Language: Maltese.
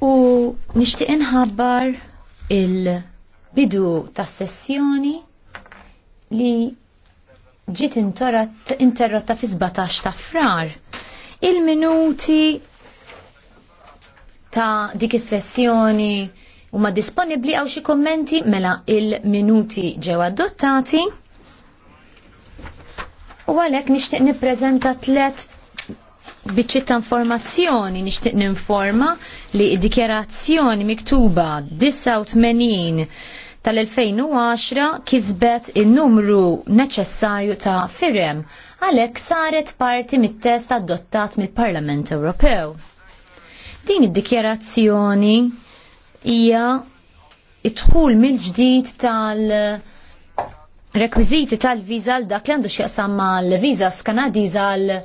u nixtieq inħabbar il-bidu tas sessjoni li ġiet interrotta fi 17 ta' frar. Il-minuti ta' dik is-sessjoni huma disponibbli għaw xi kommenti mela il-minuti ġew adottati. U għalhekk nixtieq nippreżenta tliet biċċi ta' informazzjoni nixtieq ninforma li d-dikjerazzjoni miktuba 89 tal-2010 kisbet in-numru neċessarju ta' firem għalhekk saret parti mit-test adottat mill-Parlament Ewropew. Din id-dikjerazzjoni hija id-dħul mill-ġdid tal- rekwiziti tal-viza l dak li għandu xieqsam mal-viza skanadiza l